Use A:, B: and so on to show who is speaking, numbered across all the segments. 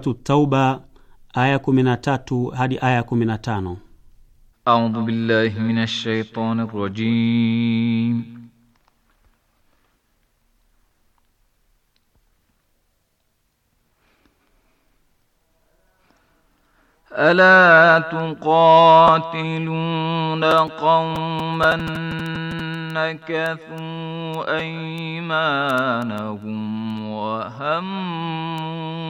A: Suratu Tauba aya 13 hadi aya 15.
B: A'udhu billahi minash shaitani rajim. Ala tuqatiluna qauman نكثوا أيمانهم وهموا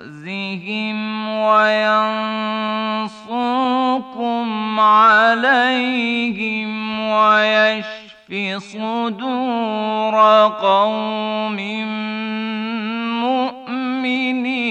B: يخزهم وينصركم عليهم وَيَشْفِ صدور قوم مؤمنين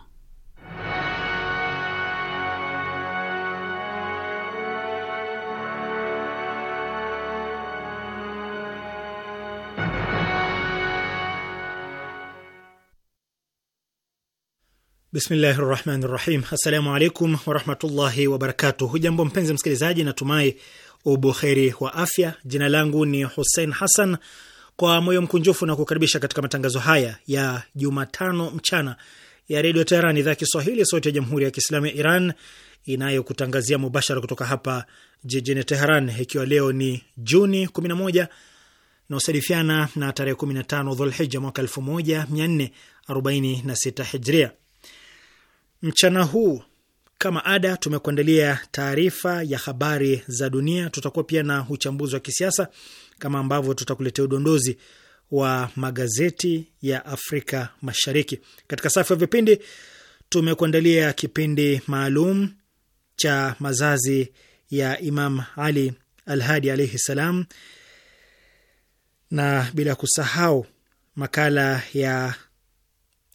C: Bismillahi rahmani rahim. Assalamu alaikum warahmatullahi wabarakatu. Hujambo mpenzi msikilizaji, natumai ubuheri wa afya. Jina langu ni Hussein Hassan, kwa moyo mkunjufu na kukaribisha katika matangazo haya ya Jumatano mchana ya Redio Teheran, idhaa Kiswahili, sauti ya Jamhuri ya Kiislamu ya Iran inayokutangazia mubashara kutoka hapa jijini Teheran, ikiwa leo ni Juni 11 inaosadifiana na tarehe 15 Dhulhija mwaka 1446 Hijria. Mchana huu kama ada, tumekuandalia taarifa ya habari za dunia. Tutakuwa pia na uchambuzi wa kisiasa kama ambavyo tutakuletea udondozi wa magazeti ya Afrika Mashariki. Katika safu ya vipindi, tumekuandalia kipindi maalum cha mazazi ya Imam Ali Alhadi alaihi salam, na bila kusahau makala ya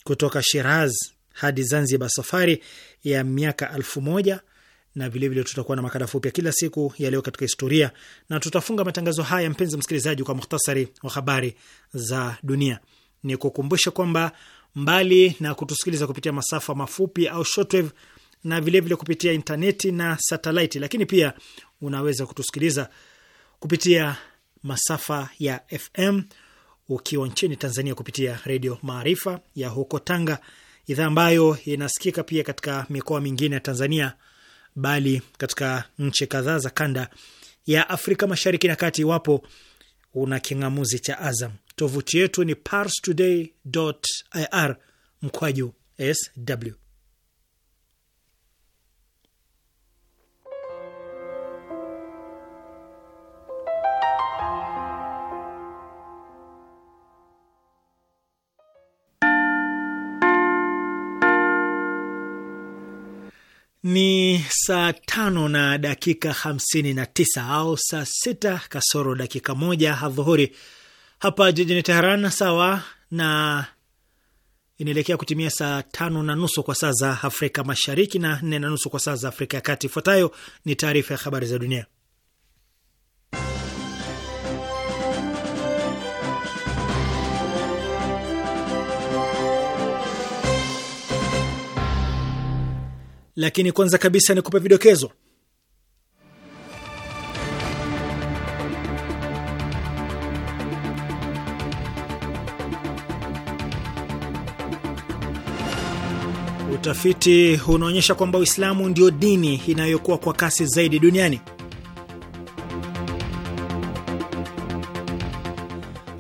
C: kutoka Shiraz hadi Zanzibar, safari ya miaka elfu moja na vilevile tutakuwa na makala fupi ya kila siku yaliyo katika historia, na tutafunga matangazo haya, mpenzi msikilizaji, kwa muhtasari wa habari za dunia. Ni kukumbusha kwamba mbali na kutusikiliza kupitia masafa mafupi au shortwave, na vilevile vile kupitia intaneti na satelaiti, lakini pia unaweza kutusikiliza kupitia masafa ya FM ukiwa nchini Tanzania kupitia Redio Maarifa ya huko Tanga idhaa ambayo inasikika pia katika mikoa mingine ya Tanzania bali katika nchi kadhaa za kanda ya Afrika Mashariki na Kati, iwapo una king'amuzi cha Azam. Tovuti yetu ni parstoday.ir mkwaju sw Ni saa tano na dakika hamsini na tisa au saa sita kasoro dakika moja adhuhuri hapa jijini Teheran, sawa na inaelekea kutimia saa tano na nusu kwa saa za Afrika Mashariki na nne na nusu kwa saa za Afrika ya Kati. Ifuatayo ni taarifa ya habari za dunia lakini kwanza kabisa ni kupe vidokezo. Utafiti unaonyesha kwamba Uislamu ndio dini inayokuwa kwa kasi zaidi duniani.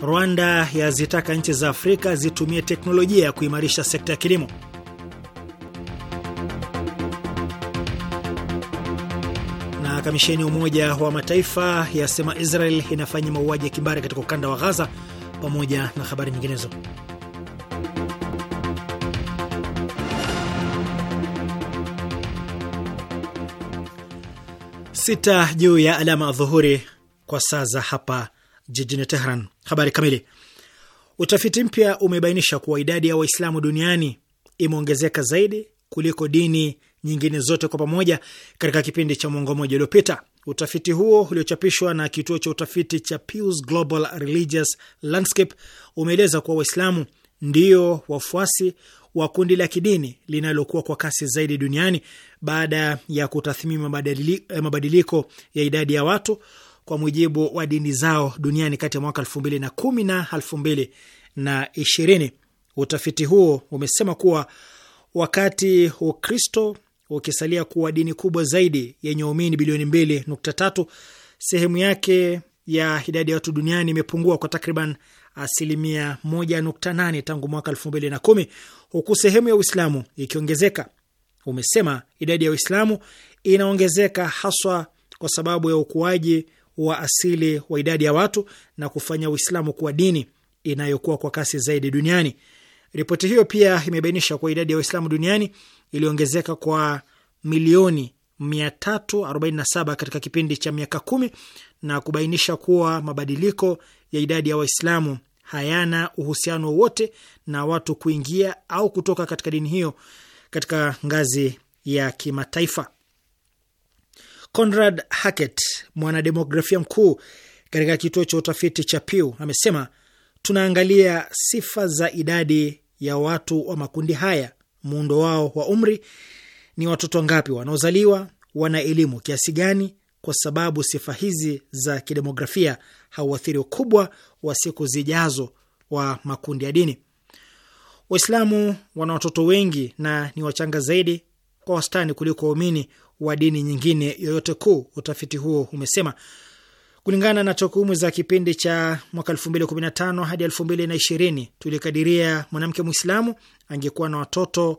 C: Rwanda yazitaka nchi za Afrika zitumie teknolojia ya kuimarisha sekta ya kilimo. Kamisheni ya Umoja wa Mataifa yasema Israel inafanya mauaji ya kimbari katika ukanda wa Ghaza, pamoja na habari nyinginezo. Sita juu ya alama adhuhuri kwa saa za hapa jijini Tehran. Habari kamili. Utafiti mpya umebainisha kuwa idadi ya Waislamu duniani imeongezeka zaidi kuliko dini nyingine zote kwa pamoja katika kipindi cha mwongo mmoja uliopita. Utafiti huo uliochapishwa na kituo cha utafiti cha Global Religious Landscape umeeleza kuwa Waislamu ndio wafuasi wa kundi la kidini linalokuwa kwa kasi zaidi duniani baada ya kutathmini eh, mabadiliko ya idadi ya watu kwa mujibu wa dini zao duniani kati ya mwaka elfu mbili na kumi na elfu mbili na ishirini. Utafiti huo umesema kuwa wakati Ukristo ukisalia kuwa dini kubwa zaidi yenye waumini bilioni tatu, Sehemu yake ya idadi ya watu duniani imepungua kwa takriban asilimia nane tangu mwaka kumi huku sehemu ya Uislamu ikiongezeka. Umesema idadi ya Uislamu inaongezeka haswa kwa sababu ya ukuaji wa asili wa idadi ya watu na kufanya Uislamu kuwa dini inayokuwa kwa kasi zaidi duniani. Ripoti hiyo pia imebainisha kuwa idadi ya Waislamu duniani iliongezeka kwa milioni 347 katika kipindi cha miaka kumi na kubainisha kuwa mabadiliko ya idadi ya Waislamu hayana uhusiano wowote na watu kuingia au kutoka katika dini hiyo katika ngazi ya kimataifa. Conrad Hackett, mwanademografia mkuu katika kituo cha utafiti cha Pew, amesema tunaangalia sifa za idadi ya watu wa makundi haya muundo wao wa umri, ni watoto ngapi wanaozaliwa, wana elimu kiasi gani, kwa sababu sifa hizi za kidemografia hauathiri ukubwa wa siku zijazo wa makundi ya dini. Waislamu wana watoto wengi na ni wachanga zaidi kwa wastani kuliko waumini wa dini nyingine yoyote kuu, utafiti huo umesema. Kulingana na takwimu za kipindi cha mwaka 2015 hadi 2020, tulikadiria mwanamke Mwislamu angekuwa na watoto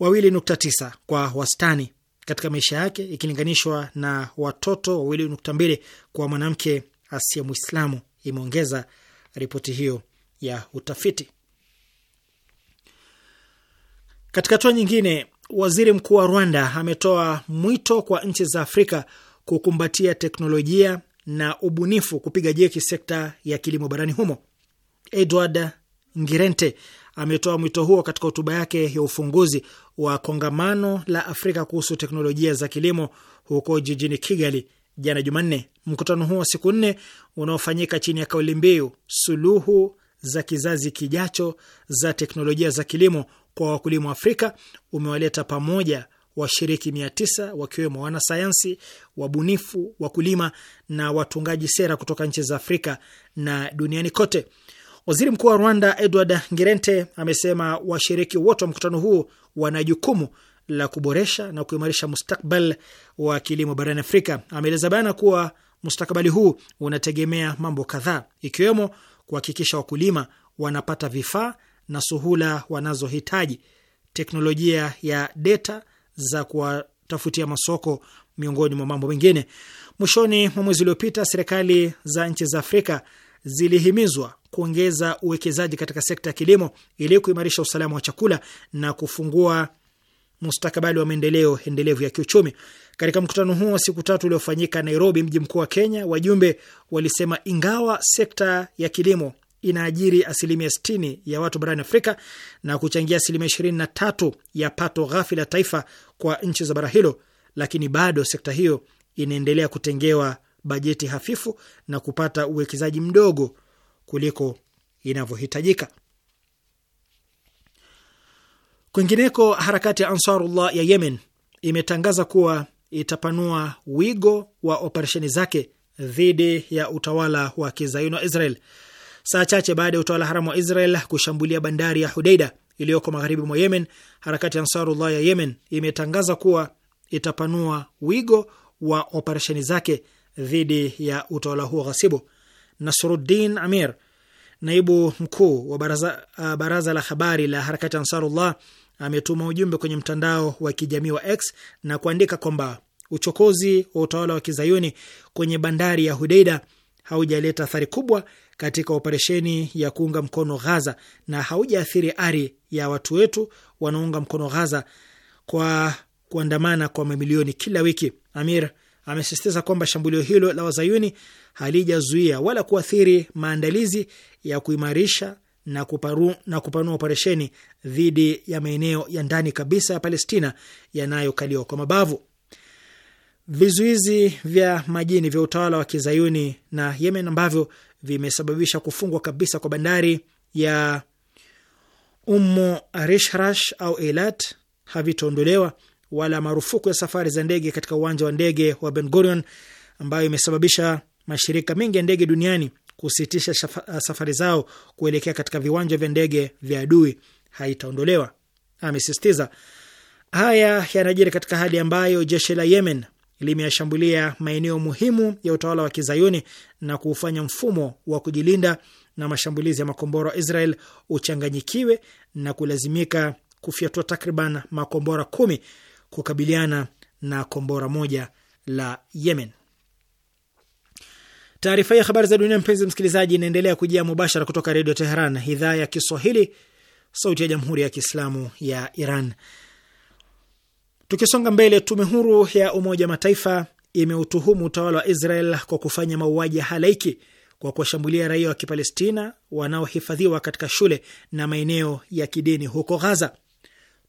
C: 2.9 kwa wastani katika maisha yake ikilinganishwa na watoto 2.2 kwa mwanamke asiye Mwislamu, imeongeza ripoti hiyo ya utafiti. Katika hatua nyingine, waziri mkuu wa Rwanda ametoa mwito kwa nchi za Afrika kukumbatia teknolojia na ubunifu kupiga jeki sekta ya kilimo barani humo. Edward Ngirente ametoa mwito huo katika hotuba yake ya ufunguzi wa kongamano la Afrika kuhusu teknolojia za kilimo huko jijini Kigali jana Jumanne. Mkutano huo wa siku nne unaofanyika chini ya kauli mbiu suluhu za kizazi kijacho za teknolojia za kilimo kwa wakulima wa Afrika umewaleta pamoja washiriki mia tisa wakiwemo wanasayansi, wabunifu, wakulima na watungaji sera kutoka nchi za Afrika na duniani kote. Waziri Mkuu wa Rwanda Edward Ngirente amesema washiriki wote wa mkutano huo wana jukumu la kuboresha na kuimarisha mustakbal wa kilimo barani Afrika. Ameeleza bayana kuwa mustakabali huu unategemea mambo kadhaa, ikiwemo kuhakikisha wakulima wanapata vifaa na suhula wanazohitaji, teknolojia ya data za kuwatafutia masoko miongoni mwa mambo mengine. Mwishoni mwa mwezi uliopita, serikali za nchi za Afrika zilihimizwa kuongeza uwekezaji katika sekta ya kilimo ili kuimarisha usalama wa chakula na kufungua mustakabali wa maendeleo endelevu ya kiuchumi. Katika mkutano huo wa siku tatu uliofanyika Nairobi, mji mkuu wa Kenya, wajumbe walisema ingawa sekta ya kilimo inaajiri asilimia 60 ya watu barani Afrika na kuchangia asilimia 23 ya pato ghafi la taifa kwa nchi za bara hilo, lakini bado sekta hiyo inaendelea kutengewa bajeti hafifu na kupata uwekezaji mdogo kuliko inavyohitajika. Kwingineko, harakati ya Ansarullah ya Yemen imetangaza kuwa itapanua wigo wa operesheni zake dhidi ya utawala wa kizayuni wa Israel saa chache baada ya utawala haramu wa Israel kushambulia bandari ya Hudeida iliyoko magharibi mwa Yemen, harakati ya Ansarullah ya Yemen imetangaza kuwa itapanua wigo wa operesheni zake dhidi ya utawala huo ghasibu. Nasruddin Amir, naibu mkuu wa baraza, uh, baraza la habari la harakati Ansarullah, ametuma ujumbe kwenye mtandao wa kijamii wa X na kuandika kwamba uchokozi wa utawala wa kizayuni kwenye bandari ya Hudeida haujaleta athari kubwa katika operesheni ya kuunga mkono Ghaza na haujaathiri ari ya watu wetu wanaunga mkono Ghaza kwa kuandamana kwa mamilioni kila wiki. Amir amesisitiza kwamba shambulio hilo la wazayuni halijazuia wala kuathiri maandalizi ya kuimarisha na, kuparu, na kupanua operesheni dhidi ya maeneo ya ndani kabisa ya Palestina yanayokaliwa kwa mabavu. Vizuizi vya majini vya utawala wa kizayuni na Yemen ambavyo vimesababisha kufungwa kabisa kwa bandari ya Umu Rishrash au Eilat havitaondolewa wala marufuku ya safari za ndege katika uwanja wa ndege wa Ben Gurion ambayo imesababisha mashirika mengi ya ndege duniani kusitisha safari zao kuelekea katika viwanja vya ndege vya adui haitaondolewa, amesisitiza. Haya yanajiri katika hali ambayo jeshi la Yemen limeyashambulia maeneo muhimu ya utawala wa kizayuni na kuufanya mfumo wa kujilinda na mashambulizi ya makombora wa Israel uchanganyikiwe na kulazimika kufyatua takriban makombora kumi kukabiliana na kombora moja la Yemen. Taarifa ya habari za dunia, mpenzi msikilizaji, inaendelea kujia mubashara kutoka Redio Teheran, idhaa ya Kiswahili, sauti ya Jamhuri ya Kiislamu ya Iran. Tukisonga mbele, tume huru ya Umoja Mataifa imeutuhumu utawala wa Israel kwa kufanya mauaji ya halaiki kwa kuwashambulia raia wa Kipalestina wanaohifadhiwa katika shule na maeneo ya kidini huko Ghaza.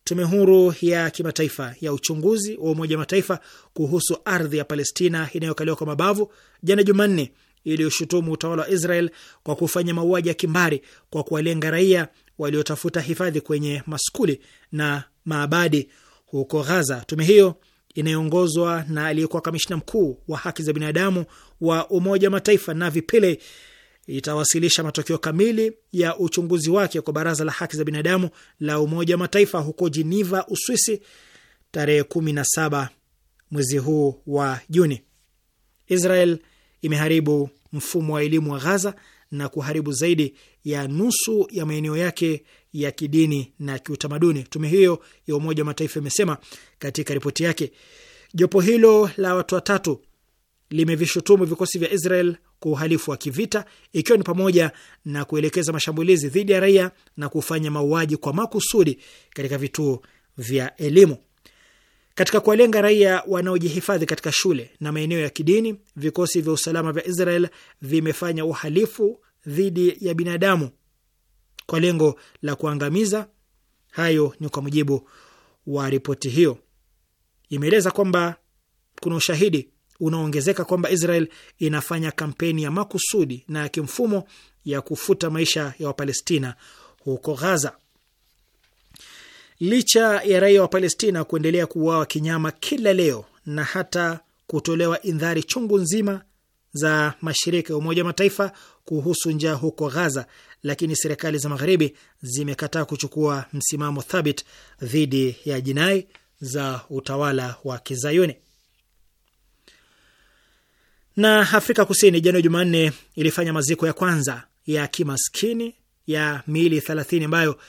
C: Tume huru ya kimataifa ya uchunguzi wa Umoja Mataifa kuhusu ardhi ya Palestina inayokaliwa kwa mabavu jana Jumanne iliyoshutumu utawala wa Israel kwa kufanya mauaji ya kimbari kwa kuwalenga raia waliotafuta hifadhi kwenye maskuli na maabadi huko Ghaza. Tume hiyo inayoongozwa na aliyekuwa kamishna mkuu wa haki za binadamu wa Umoja wa Mataifa Navi Pillay itawasilisha matokeo kamili ya uchunguzi wake kwa Baraza la Haki za Binadamu la Umoja wa Mataifa huko Jiniva, Uswisi, tarehe 17 mwezi huu wa Juni. Israel imeharibu mfumo wa elimu wa Ghaza na kuharibu zaidi ya nusu ya maeneo yake ya kidini na kiutamaduni. Tume hiyo ya Umoja wa Mataifa imesema katika ripoti yake, jopo hilo la watu watatu limevishutumu vikosi vya Israel kwa uhalifu wa kivita, ikiwa ni pamoja na kuelekeza mashambulizi dhidi ya raia na kufanya mauaji kwa makusudi katika vituo vya elimu. Katika kuwalenga raia wanaojihifadhi katika shule na maeneo ya kidini, vikosi vya usalama vya Israel vimefanya uhalifu dhidi ya binadamu kwa lengo la kuangamiza. Hayo ni kwa mujibu wa ripoti hiyo. Imeeleza kwamba kuna ushahidi unaoongezeka kwamba Israel inafanya kampeni ya makusudi na ya kimfumo ya kufuta maisha ya Wapalestina huko Ghaza. Licha ya raia wa Palestina kuendelea kuuawa kinyama kila leo na hata kutolewa indhari chungu nzima za mashirika ya Umoja wa Mataifa kuhusu njaa huko Ghaza, lakini serikali za magharibi zimekataa kuchukua msimamo thabit dhidi ya jinai za utawala wa Kizayuni. Na Afrika Kusini jana Jumanne ilifanya maziko ya kwanza ya kimaskini ya miili thelathini ambayo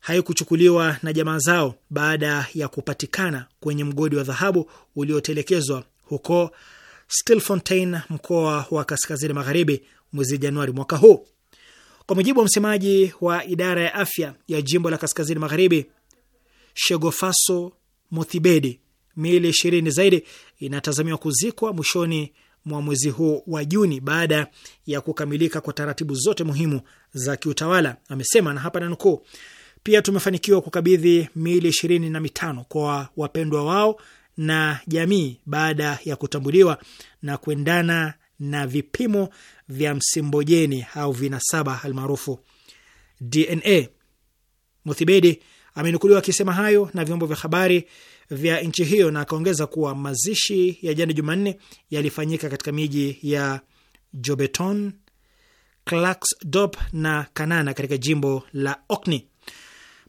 C: haikuchukuliwa na jamaa zao baada ya kupatikana kwenye mgodi wa dhahabu uliotelekezwa huko Stilfontein, mkoa wa kaskazini magharibi, mwezi Januari mwaka huu, kwa mujibu wa msemaji wa idara ya afya ya jimbo la kaskazini magharibi Shegofaso Mothibedi. Miili ishirini zaidi inatazamiwa kuzikwa mwishoni mwa mwezi huu wa Juni baada ya kukamilika kwa taratibu zote muhimu za kiutawala, amesema, na hapa nanukuu: pia tumefanikiwa kukabidhi miili ishirini na mitano kwa wapendwa wao na jamii baada ya kutambuliwa na kuendana na vipimo vya msimbojeni au vinasaba almaarufu DNA. Muthibedi amenukuliwa akisema hayo na vyombo vya habari vya nchi hiyo na akaongeza kuwa mazishi ya jana Jumanne yalifanyika katika miji ya Jobeton, Clarksdorp na Kanana katika jimbo la Orkney.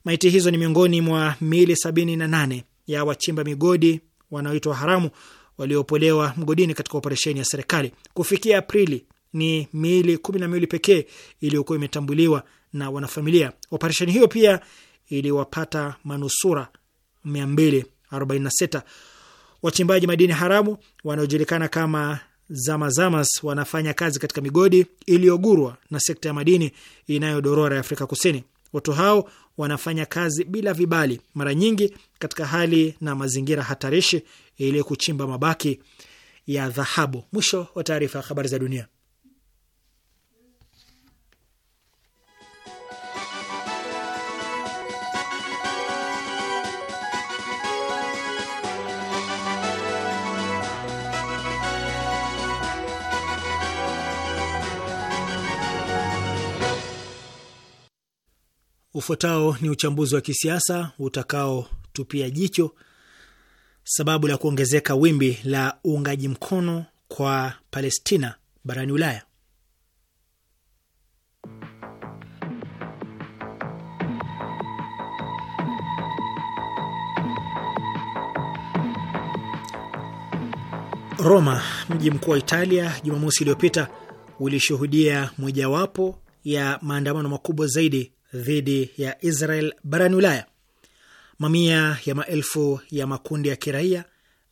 C: Maiti hizo ni miongoni mwa miili 78 ya wachimba migodi wanaoitwa haramu waliopolewa mgodini katika operesheni ya serikali. Kufikia Aprili ni miili kumi na miwili pekee iliyokuwa imetambuliwa na wanafamilia. Operesheni hiyo pia iliwapata manusura 246. Wachimbaji madini haramu wanaojulikana kama zamazamas wanafanya kazi katika migodi iliyogurwa na sekta ya madini inayodorora ya Afrika Kusini. Watu hao wanafanya kazi bila vibali, mara nyingi katika hali na mazingira hatarishi ili kuchimba mabaki ya dhahabu. Mwisho wa taarifa ya habari za dunia. Ufuatao ni uchambuzi wa kisiasa utakaotupia jicho sababu la kuongezeka wimbi la uungaji mkono kwa Palestina barani Ulaya. Roma, mji mkuu wa Italia, Jumamosi iliyopita ulishuhudia mojawapo ya maandamano makubwa zaidi dhidi ya Israel barani Ulaya. Mamia ya maelfu ya makundi ya kiraia,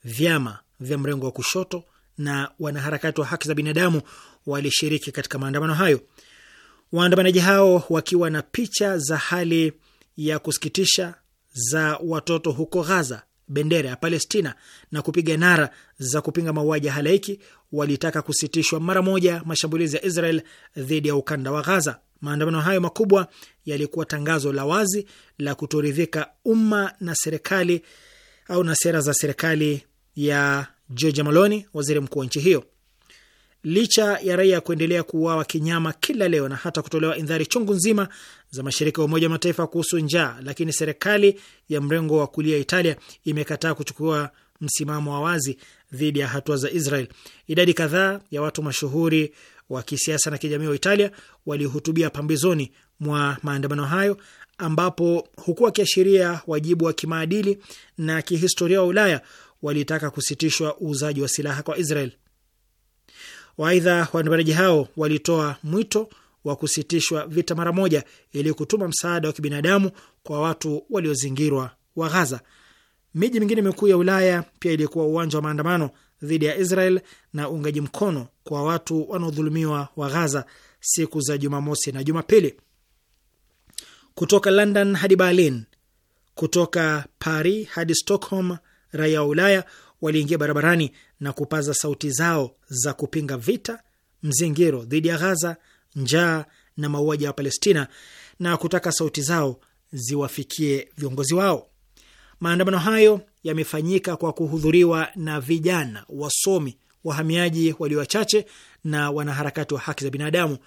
C: vyama vya mrengo wa kushoto na wanaharakati wa haki za binadamu walishiriki katika maandamano hayo, waandamanaji hao wakiwa na picha za hali ya kusikitisha za watoto huko Ghaza bendera ya Palestina na kupiga nara za kupinga mauaji ya halaiki, walitaka kusitishwa mara moja mashambulizi ya Israel dhidi ya ukanda wa Ghaza. Maandamano hayo makubwa yalikuwa tangazo la wazi la kutoridhika umma na serikali au na sera za serikali ya Giorgia Meloni, waziri mkuu wa nchi hiyo licha ya raia kuendelea kuuawa kinyama kila leo na hata kutolewa indhari chungu nzima za mashirika ya Umoja Mataifa kuhusu njaa, lakini serikali ya mrengo wa kulia Italia imekataa kuchukua msimamo wa wazi dhidi ya hatua za Israel. Idadi kadhaa ya watu mashuhuri wa kisiasa na kijamii wa Italia walihutubia pambizoni mwa maandamano hayo, ambapo huku wakiashiria wajibu wa kimaadili na kihistoria wa Ulaya walitaka kusitishwa uuzaji wa silaha kwa Israel. Waaidha, waandamanaji hao walitoa mwito wa kusitishwa vita mara moja ili kutuma msaada wa kibinadamu kwa watu waliozingirwa wa Ghaza. Miji mingine mikuu ya Ulaya pia ilikuwa uwanja wa maandamano dhidi ya Israel na uungaji mkono kwa watu wanaodhulumiwa wa Ghaza siku za Jumamosi na Jumapili. Kutoka London hadi Berlin, kutoka Paris hadi Stockholm, raia wa Ulaya waliingia barabarani na kupaza sauti zao za kupinga vita, mzingiro dhidi ya Ghaza, njaa na mauaji ya Palestina na kutaka sauti zao ziwafikie viongozi wao. Maandamano hayo yamefanyika kwa kuhudhuriwa na vijana, wasomi, wahamiaji walio wachache na wanaharakati wa haki za binadamu.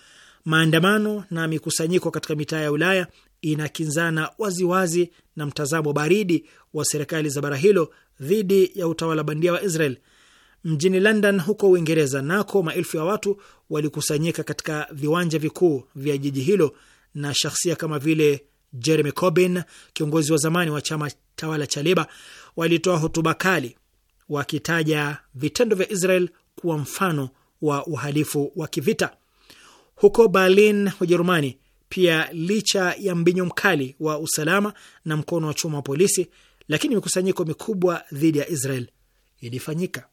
C: Maandamano na mikusanyiko katika mitaa ya Ulaya inakinzana waziwazi na mtazamo baridi wa serikali za bara hilo dhidi ya utawala bandia wa Israel. Mjini London huko Uingereza nako maelfu ya watu walikusanyika katika viwanja vikuu vya jiji hilo, na shahsia kama vile Jeremy Corbyn, kiongozi wa zamani wa chama tawala cha Leba, walitoa hotuba kali wakitaja vitendo vya Israel kuwa mfano wa uhalifu wa kivita. Huko Berlin, Ujerumani, pia licha ya mbinyo mkali wa usalama na mkono wa chuma wa polisi, lakini mikusanyiko mikubwa dhidi ya Israel ilifanyika.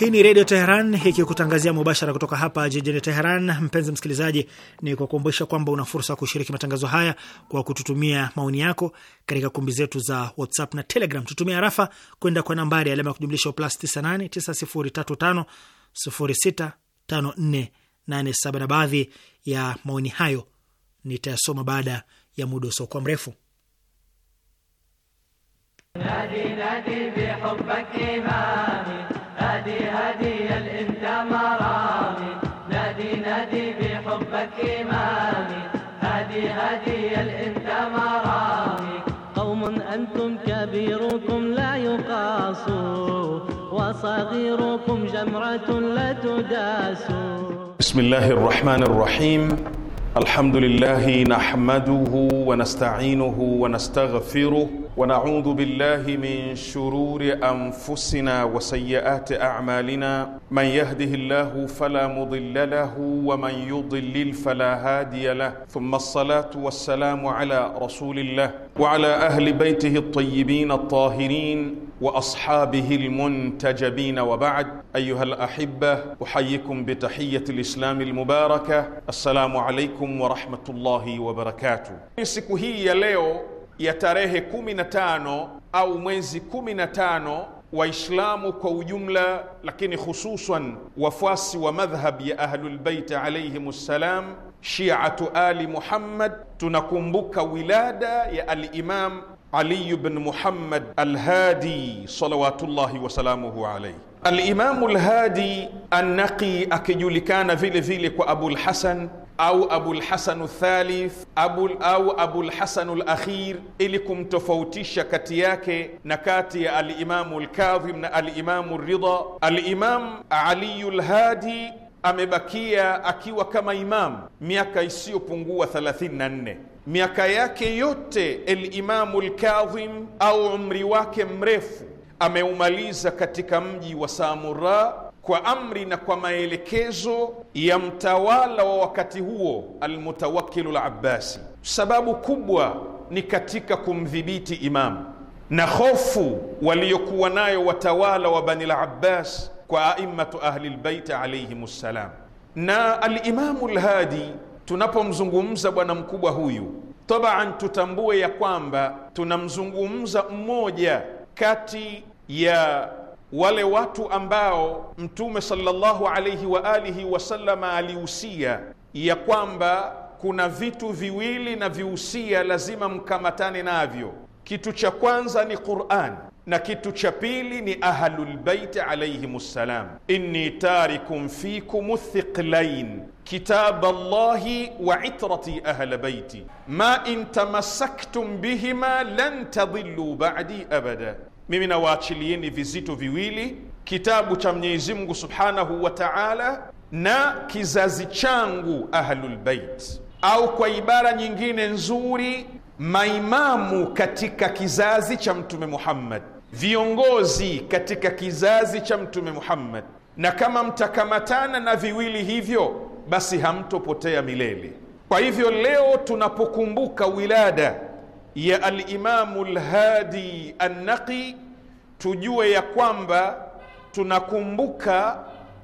C: Hii ni Redio Teheran ikikutangazia mubashara kutoka hapa jijini Teheran. Mpenzi msikilizaji, ni kukumbusha kwamba una fursa ya kushiriki matangazo haya kwa kututumia maoni yako katika kumbi zetu za WhatsApp na Telegram. Tutumia rafa kwenda kwa nambari alama ya kujumlisha plus 989035065487 na baadhi ya maoni hayo nitayasoma baada ya muda usiokuwa mrefu. nadi nadi نادي
B: هدي الانت مرامي نادي نادي بحبك امامي هدي هدي الانت مرامي قوم انتم كبيركم لا يقاس
D: وصغيركم جمرة لا تداس بسم الله الرحمن الرحيم الحمد لله نحمده ونستعينه ونستغفره ونعوذ بالله من شرور انفسنا وسيئات اعمالنا من يهده الله فلا مضل له ومن يضلل فلا هادي له ثم الصلاه والسلام على رسول الله وعلى اهل بيته الطيبين الطاهرين واصحابه المنتجبين وبعد ايها الاحبه احييكم بتحيه الاسلام المباركه السلام عليكم ورحمه الله وبركاته siku hii ya leo ya tarehe 15 au mwezi 15 waislamu kwa ujumla lakini hususan wafuasi wa madhhab ya ahlulbeiti alaihim ssalam shiatu ali muhammad tunakumbuka wilada ya alimam Ali ibn Muhammad Alhadi salawatullahi wasalamuhu alaihi. Alimamu Lhadi Annaqi akijulikana vile vile kwa Abulhasan au Abulhasanu Thalith abul, au Abulhasanu Lakhir, ili kumtofautisha kati yake na kati ya Alimamu Lkadhim na Alimamu Ridha. Alimamu Aliyu Lhadi amebakia akiwa kama imamu miaka isiyopungua 34 miaka yake yote alimamu Lkadhim au umri wake mrefu ameumaliza katika mji wa Samura kwa amri na kwa maelekezo ya mtawala wa wakati huo Almutawakilu Labbasi. Sababu kubwa ni katika kumdhibiti imamu na hofu waliokuwa nayo watawala wa Bani Labbas kwa aimatu Ahli Lbaiti alaihim ssalam. Na Alimamu Lhadi tunapomzungumza bwana mkubwa huyu, tabaan, tutambue ya kwamba tunamzungumza mmoja kati ya wale watu ambao Mtume sallallahu alaihi wa alihi wasallama alihusia ya kwamba kuna vitu viwili na vihusia lazima mkamatane navyo. Kitu cha kwanza ni Qur'an na kitu cha pili ni Ahlulbaiti alaihim ssalam, inni tarikum fikum thiqlain kitab llahi wa itrati ahla baiti ma in tamassaktum bihima lan tadhillu ba'di abada, mimi nawaachilieni vizito viwili, kitabu cha Mwenyezi Mungu subhanahu wa ta'ala na kizazi changu ahlul bait, au kwa ibara nyingine nzuri, maimamu katika kizazi cha Mtume Muhammad, viongozi katika kizazi cha Mtume Muhammad. Na kama mtakamatana na viwili hivyo basi hamtopotea milele. Kwa hivyo leo tunapokumbuka wilada ya Alimamu Lhadi Annaqi, tujue ya kwamba tunakumbuka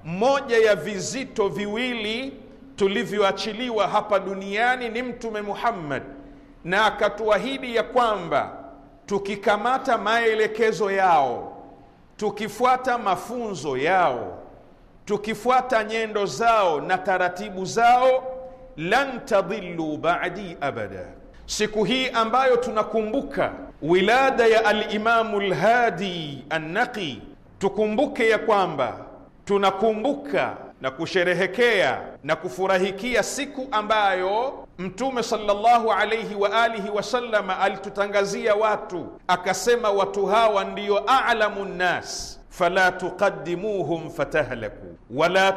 D: moja ya vizito viwili tulivyoachiliwa hapa duniani ni Mtume Muhammad, na akatuahidi ya kwamba tukikamata maelekezo yao, tukifuata mafunzo yao tukifuata nyendo zao na taratibu zao, lan tadhillu ba'di abada. Siku hii ambayo tunakumbuka wilada ya alimamu lhadi annaqi, tukumbuke ya kwamba tunakumbuka na kusherehekea na kufurahikia siku ambayo Mtume sallallahu alaihi wa alihi wasallama alitutangazia watu akasema, watu hawa ndiyo alamu nnas fala tuqaddimuhum fatahlaku wala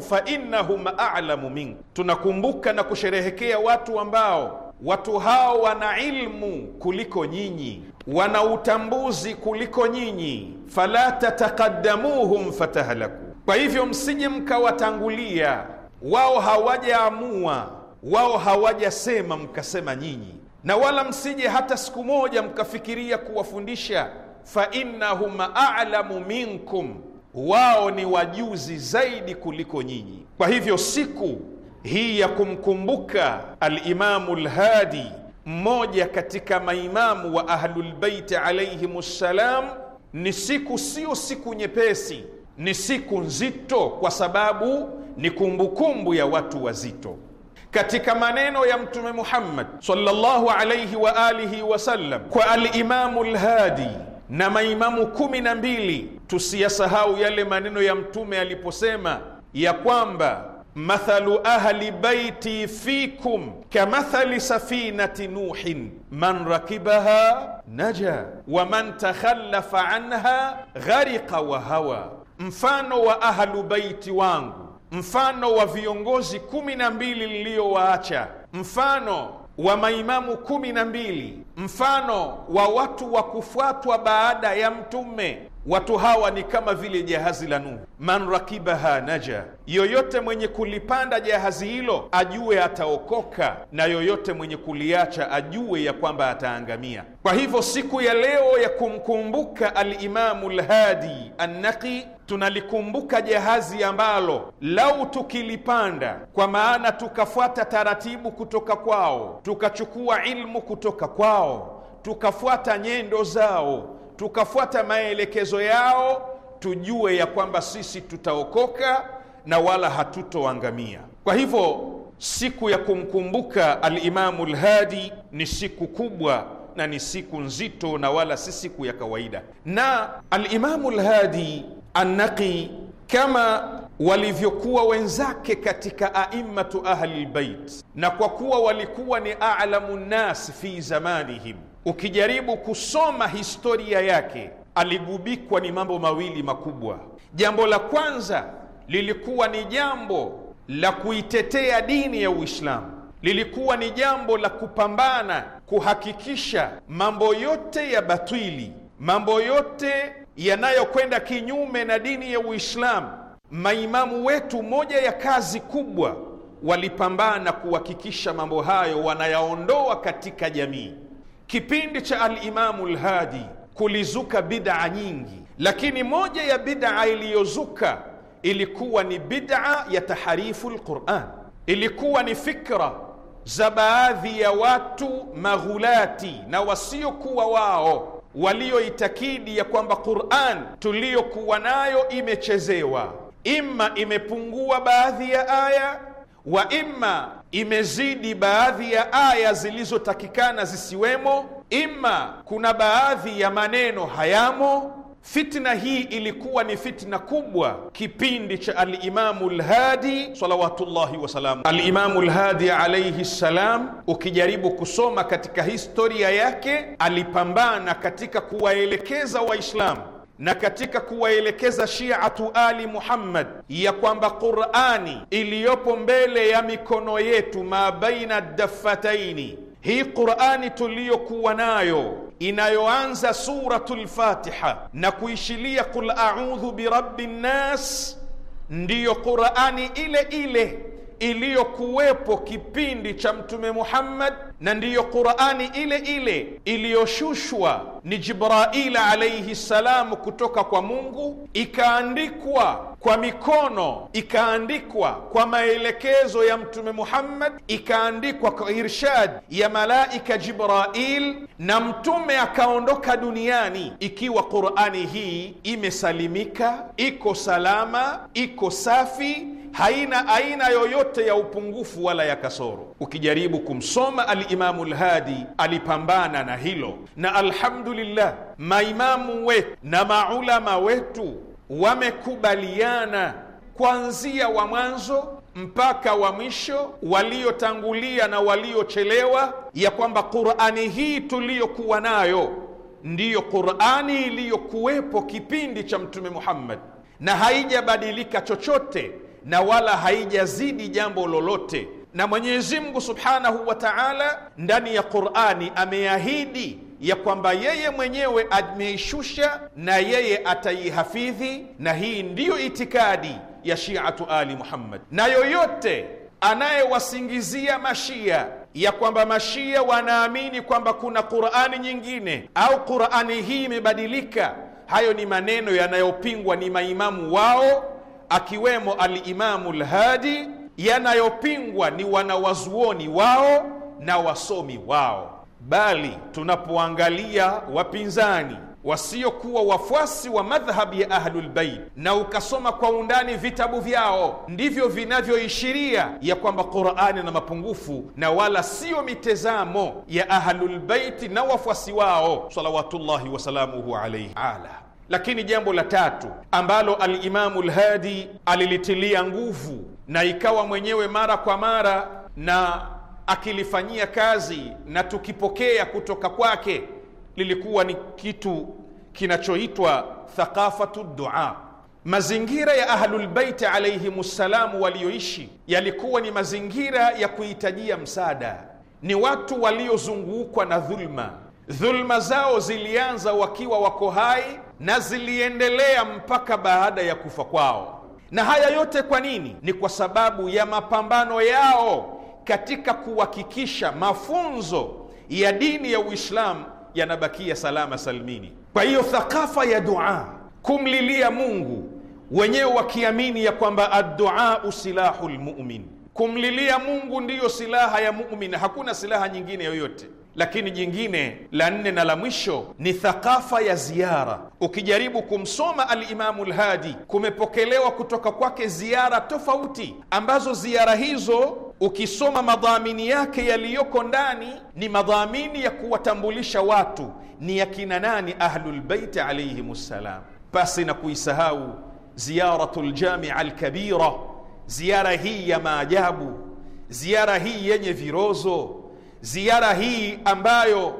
D: fa innahum a'lamu minkum. Tunakumbuka na kusherehekea watu ambao watu hao wana ilmu kuliko nyinyi, wana utambuzi kuliko nyinyi. Fala tataqaddamuhum fatahlaku, kwa hivyo msije mkawatangulia wao, hawajaamua wao, hawajasema mkasema nyinyi, na wala msije hata siku moja mkafikiria kuwafundisha fa innahum a'lamu minkum, wao ni wajuzi zaidi kuliko nyinyi. Kwa hivyo siku hii ya kumkumbuka Alimamu Lhadi, mmoja katika maimamu wa Ahlulbeiti alaihim ssalam, ni siku sio siku nyepesi, ni siku nzito, kwa sababu ni kumbukumbu ya watu wazito. Katika maneno ya Mtume Muhammad sallallahu alaihi wa alihi wasallam kwa Alimamu Lhadi na maimamu kumi na mbili. Tusiyasahau yale maneno ya Mtume aliposema ya kwamba mathalu ahli baiti fikum kamathali safinati nuhin man rakibaha naja wa man takhallafa anha ghariqa wa hawa, mfano wa ahlu baiti wangu, mfano wa viongozi kumi na mbili niliyowaacha, mfano wa maimamu kumi na mbili mfano wa watu wa kufuatwa baada ya Mtume Watu hawa ni kama vile jahazi la Nuhu, man rakibaha naja, yoyote mwenye kulipanda jahazi hilo ajue ataokoka, na yoyote mwenye kuliacha ajue ya kwamba ataangamia. Kwa hivyo siku ya leo ya kumkumbuka Alimamu Lhadi Annaqi tunalikumbuka jahazi ambalo lau tukilipanda kwa maana tukafuata taratibu kutoka kwao, tukachukua ilmu kutoka kwao, tukafuata nyendo zao tukafuata maelekezo yao, tujue ya kwamba sisi tutaokoka na wala hatutoangamia. Kwa hivyo siku ya kumkumbuka Alimamu Lhadi ni siku kubwa na ni siku nzito, na wala si siku ya kawaida. Na Alimamu Lhadi Annaqi, kama walivyokuwa wenzake katika aimmatu ahli lbait, na kwa kuwa walikuwa ni alamu nnas fi zamanihim ukijaribu kusoma historia yake, aligubikwa ni mambo mawili makubwa. Jambo la kwanza lilikuwa ni jambo la kuitetea dini ya Uislamu, lilikuwa ni jambo la kupambana kuhakikisha mambo yote ya batwili mambo yote yanayokwenda kinyume na dini ya Uislamu. Maimamu wetu, moja ya kazi kubwa walipambana kuhakikisha mambo hayo wanayaondoa katika jamii kipindi cha Alimamu Lhadi kulizuka bidaa nyingi, lakini moja ya bidaa iliyozuka ilikuwa ni bidaa ya taharifu lquran. Ilikuwa ni fikra za baadhi ya watu maghulati na wasiokuwa wao walioitakidi ya kwamba Quran tuliyokuwa nayo imechezewa, imma imepungua baadhi ya aya wa imma imezidi baadhi ya aya zilizotakikana zisiwemo, ima kuna baadhi ya maneno hayamo. Fitna hii ilikuwa ni fitna kubwa kipindi cha Alimamu Lhadi salawatullahi wasalamu. Alimamu Lhadi alaihi ssalam, ukijaribu kusoma katika historia yake, alipambana katika kuwaelekeza Waislamu na katika kuwaelekeza shiatu Ali Muhammad ya kwamba Qurani iliyopo mbele ya mikono yetu, ma baina daffataini, hii Qurani tuliyokuwa nayo inayoanza suratu lfatiha na kuishilia qul a'udhu birabbi nnas ndiyo Qurani ile ile iliyokuwepo kipindi cha Mtume Muhammad na ndiyo Qurani ile ile iliyoshushwa ni Jibrail alayhi salam kutoka kwa Mungu, ikaandikwa kwa mikono, ikaandikwa kwa maelekezo ya Mtume Muhammad, ikaandikwa kwa irshad ya malaika Jibrail, na mtume akaondoka duniani ikiwa Qurani hii imesalimika, iko salama, iko safi haina aina yoyote ya upungufu wala ya kasoro. Ukijaribu kumsoma Alimamu Lhadi alipambana na hilo, na alhamdulillah, maimamu wetu na maulama wetu wamekubaliana kuanzia wa mwanzo mpaka wa mwisho, waliotangulia na waliochelewa, ya kwamba Qurani hii tuliyokuwa nayo ndiyo Qurani iliyokuwepo kipindi cha Mtume Muhammad na haijabadilika chochote na wala haijazidi jambo lolote. Na Mwenyezi Mungu Subhanahu wa Ta'ala ndani ya Qur'ani ameahidi ya kwamba yeye mwenyewe ameishusha na yeye ataihafidhi, na hii ndiyo itikadi ya Shiatu Ali Muhammad. Na yoyote anayewasingizia mashia ya kwamba mashia wanaamini kwamba kuna Qur'ani nyingine au Qur'ani hii imebadilika, hayo ni maneno yanayopingwa ni maimamu wao akiwemo Alimamu Lhadi, yanayopingwa ni wanawazuoni wao na wasomi wao. Bali tunapoangalia wapinzani wasiokuwa wafuasi wa madhhabi ya Ahlulbeit na ukasoma kwa undani vitabu vyao, ndivyo vinavyoishiria ya kwamba Qurani na mapungufu na wala siyo mitazamo ya Ahlulbeiti na wafuasi wao salawatullahi wasalamuhu alaihi ala lakini jambo la tatu ambalo Alimamu Lhadi alilitilia nguvu na ikawa mwenyewe mara kwa mara na akilifanyia kazi na tukipokea kutoka kwake, lilikuwa ni kitu kinachoitwa thaqafatu dua. Mazingira ya Ahlulbaiti alaihim ssalamu walioishi yalikuwa ni mazingira ya kuhitajia msaada. Ni watu waliozungukwa na dhulma. Dhulma zao zilianza wakiwa wako hai na ziliendelea mpaka baada ya kufa kwao. Na haya yote kwa nini? Ni kwa sababu ya mapambano yao katika kuhakikisha mafunzo ya dini ya Uislamu yanabakia salama salimini. Kwa hiyo thakafa ya dua, kumlilia Mungu, wenyewe wakiamini ya kwamba adduau silahu lmumin, kumlilia Mungu ndiyo silaha ya mumin, hakuna silaha nyingine yoyote. Lakini jingine la nne na la mwisho ni thakafa ya ziara. Ukijaribu kumsoma Alimamu Lhadi, kumepokelewa kutoka kwake ziara tofauti, ambazo ziara hizo ukisoma madhamini yake yaliyoko ndani ni madhamini ya kuwatambulisha watu ni yakina nani Ahlulbeiti alaihim ssalam, pasi na kuisahau ziyaratu ljamia lkabira, ziara hii ya maajabu, ziara hii yenye virozo ziara hii ambayo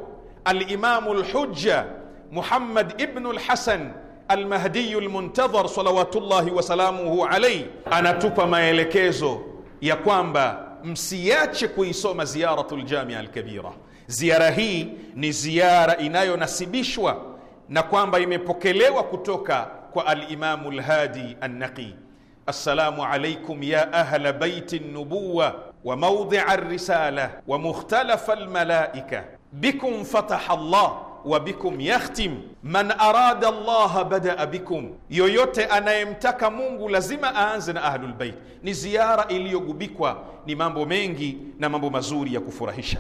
D: alimamu lhujja Muhammad ibnu lhasan almahdiyu lmuntadhar salawatullahi wasalamuhu alaihi anatupa maelekezo ya kwamba msiache kuisoma ziyaratu ljamia alkabira. Ziara hii ni ziara inayonasibishwa na kwamba imepokelewa kutoka kwa alimamu lhadi annaqi. Assalamu alaikum ya ahla baiti nubuwa wa maudhia alrisala wa mukhtalafa almalaika bikum fataha llah wa bikum yakhtim man arada llaha badaa bikum, yoyote anayemtaka Mungu lazima aanze na ahlulbeit. Ni ziara iliyogubikwa ni mambo mengi na mambo mazuri ya kufurahisha.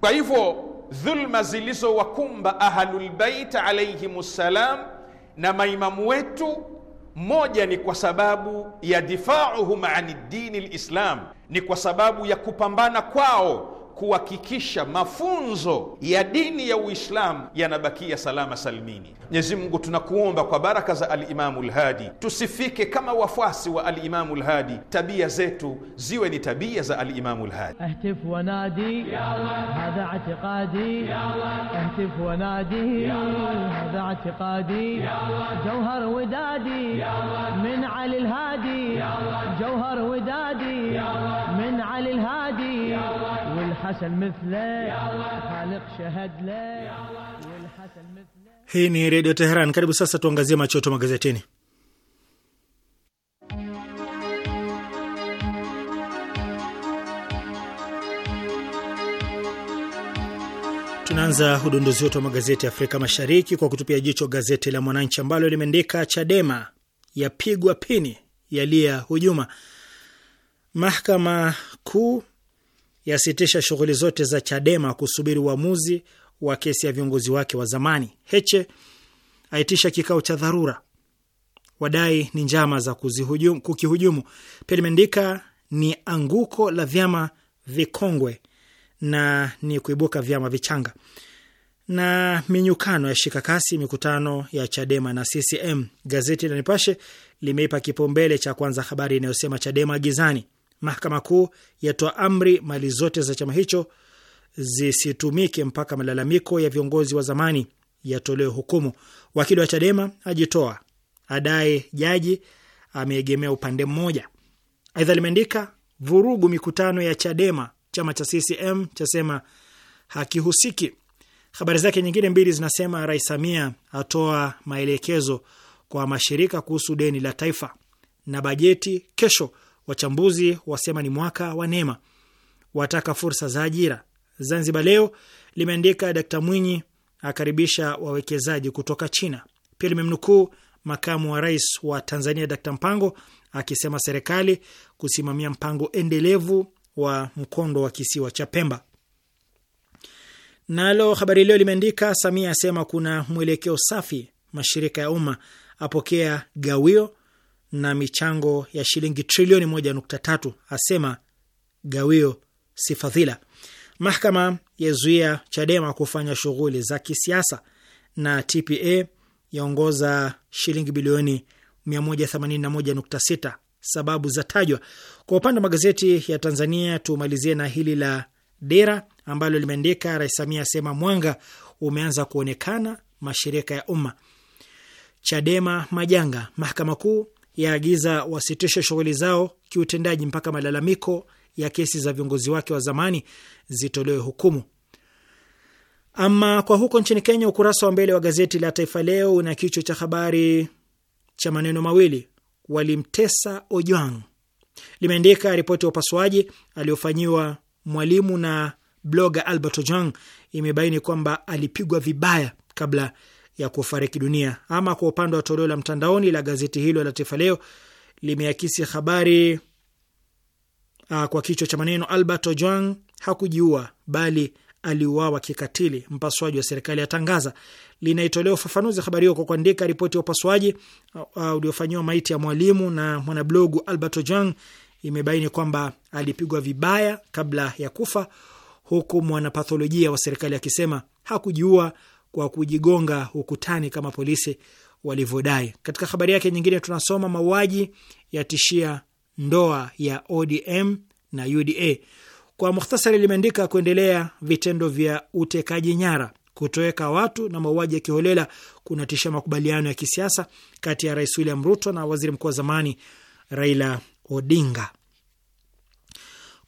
D: Kwa hivyo dhulma zilizowakumba ahlulbeit alayhim ssalam na maimamu wetu moja ni kwa sababu ya difauhum ani dini lislam, ni kwa sababu ya kupambana kwao kuhakikisha mafunzo ya dini ya Uislamu yanabakia salama salimini. Mwenyezi Mungu tunakuomba kwa baraka za Alimamu Lhadi tusifike kama wafuasi wa Alimamu Lhadi, tabia zetu ziwe ni tabia za Alimamu Lhadi.
B: Ahtif nadi hadha itiqadi ahtif nadi hadha itiqadi jawhar wadadi min Ali Lhadi jawhar wadadi min Ali Lhadi
A: والحسن مثله خالق
B: شهد له والحسن
A: مثله. Hii
C: ni Redio Teheran. Karibu sasa tuangazie machoto magazetini. Tunaanza udondozi wetu wa magazeti ya Afrika Mashariki kwa kutupia jicho gazeti la Mwananchi ambalo limeandika Chadema yapigwa pini yalia hujuma. Mahakama Kuu yasitisha shughuli zote za Chadema kusubiri uamuzi wa kesi ya viongozi wake wa zamani. Heche aitisha kikao cha dharura, wadai ni njama za kuzihujumu, kukihujumu. Pia limeandika ni anguko la vyama vikongwe na ni kuibuka vyama vichanga na minyukano ya shika kasi mikutano ya Chadema na CCM. Gazeti la Nipashe limeipa kipaumbele cha kwanza habari inayosema Chadema gizani, Mahakama Kuu yatoa amri mali zote za chama hicho zisitumike mpaka malalamiko ya viongozi wa zamani yatolewe hukumu. Wakili wa Chadema ajitoa adai jaji ameegemea upande mmoja. Aidha limeandika vurugu mikutano ya Chadema, chama cha CCM chasema hakihusiki. Habari zake nyingine mbili zinasema Rais Samia atoa maelekezo kwa mashirika kuhusu deni la taifa na bajeti kesho Wachambuzi wasema ni mwaka wa neema, wataka fursa za ajira. Zanzibar Leo limeandika Dkt Mwinyi akaribisha wawekezaji kutoka China. Pia limemnukuu makamu wa rais wa Tanzania Dkt Mpango akisema serikali kusimamia mpango endelevu wa mkondo wa kisiwa cha Pemba. Nalo Habari Leo limeandika Samia asema kuna mwelekeo safi, mashirika ya umma apokea gawio na michango ya shilingi trilioni moja nukta tatu asema gawio si fadhila. Mahakama yazuia Chadema kufanya shughuli za kisiasa, na TPA yaongoza shilingi bilioni 181.6. Sababu za tajwa. Kwa upande wa magazeti ya Tanzania, tumalizie na hili la Dira ambalo limeandika Rais Samia asema mwanga umeanza kuonekana mashirika ya umma. Chadema majanga, mahakama kuu yaagiza wasitishe shughuli zao kiutendaji mpaka malalamiko ya kesi za viongozi wake wa zamani zitolewe hukumu. Ama kwa huko nchini Kenya, ukurasa wa mbele wa gazeti la Taifa Leo una kichwa cha habari cha maneno mawili, walimtesa Ojwang. Limeandika ripoti ya upasuaji aliyofanyiwa mwalimu na bloga Albert Ojwang imebaini kwamba alipigwa vibaya kabla ya kufariki dunia. Ama kwa upande wa toleo la mtandaoni la gazeti hilo la Taifa Leo limeakisi habari aa, ah, kwa kichwa cha maneno Albert Ojwang hakujiua bali aliuawa kikatili, mpasuaji wa serikali atangaza. Linaitolea ufafanuzi habari hiyo kwa kuandika ripoti ya upasuaji ah, ah, uliofanyiwa maiti ya mwalimu na mwanablogu Albert Ojwang imebaini kwamba alipigwa vibaya kabla ya kufa, huku mwanapatholojia wa serikali akisema hakujiua kwa kujigonga ukutani kama polisi walivyodai. Katika habari yake nyingine, tunasoma mauaji yatishia ndoa ya ODM na UDA. Kwa mukhtasari, limeandika kuendelea vitendo vya utekaji nyara, kutoweka watu na mauaji ya kiholela kunatisha makubaliano ya kisiasa kati ya Rais William Ruto na waziri mkuu wa zamani Raila Odinga.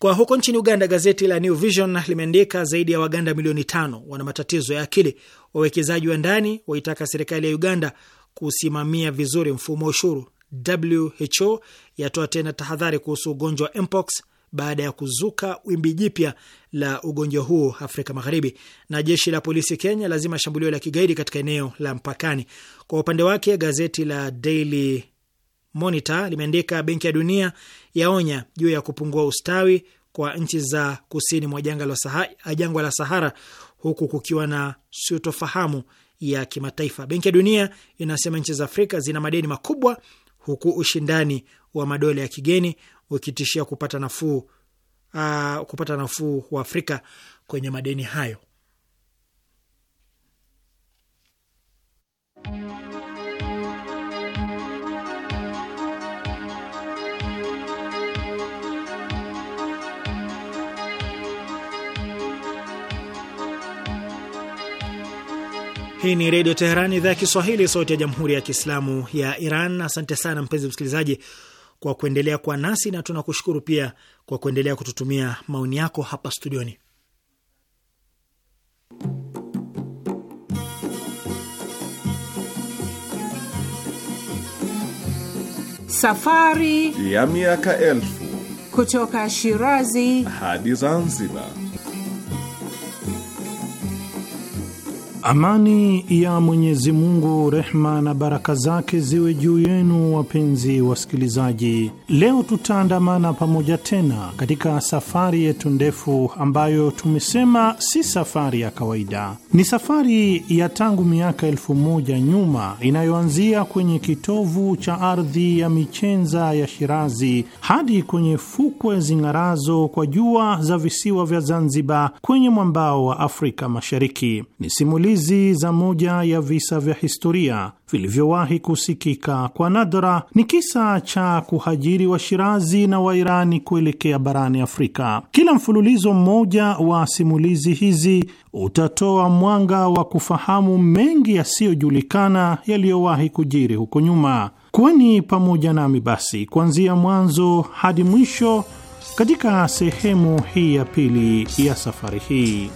C: Kwa huko nchini Uganda, gazeti la New Vision limeandika zaidi ya Waganda milioni tano wana matatizo ya akili. Wawekezaji wa ndani waitaka serikali ya Uganda kusimamia vizuri mfumo wa ushuru. WHO yatoa tena tahadhari kuhusu ugonjwa wa mpox baada ya kuzuka wimbi jipya la ugonjwa huo Afrika Magharibi. Na jeshi la polisi Kenya lazima shambulio la kigaidi katika eneo la mpakani. Kwa upande wake, gazeti la Daily Monitor limeandika Benki ya Dunia yaonya juu ya kupungua ustawi kwa nchi za kusini mwa jangwa la Sahara huku kukiwa na sutofahamu ya kimataifa. Benki ya Dunia inasema nchi za Afrika zina madeni makubwa huku ushindani wa madola ya kigeni ukitishia kupata nafuu uh, kupata nafuu wa Afrika kwenye madeni hayo. Hii ni Redio Teheran, idhaa ya Kiswahili, sauti ya Jamhuri ya Kiislamu ya Iran. Asante sana mpenzi msikilizaji kwa kuendelea kuwa nasi, na tunakushukuru pia kwa kuendelea kututumia maoni yako hapa studioni.
E: Safari ya
D: miaka elfu kutoka Shirazi
F: hadi
A: Zanzibar
F: Amani ya Mwenyezi Mungu, rehma na baraka zake ziwe juu yenu, wapenzi wasikilizaji. Leo tutaandamana pamoja tena katika safari yetu ndefu ambayo tumesema si safari ya kawaida, ni safari ya tangu miaka elfu moja nyuma inayoanzia kwenye kitovu cha ardhi ya michenza ya Shirazi hadi kwenye fukwe zing'arazo kwa jua za visiwa vya Zanzibar kwenye mwambao wa Afrika Mashariki. ni simulizi simulizi za moja ya visa vya historia vilivyowahi kusikika kwa nadra ni kisa cha kuhajiri Washirazi na Wairani kuelekea barani Afrika. Kila mfululizo mmoja wa simulizi hizi utatoa mwanga wa kufahamu mengi yasiyojulikana yaliyowahi kujiri huko nyuma. kweni pamoja nami basi kuanzia mwanzo hadi mwisho katika sehemu hii ya pili ya safari hii.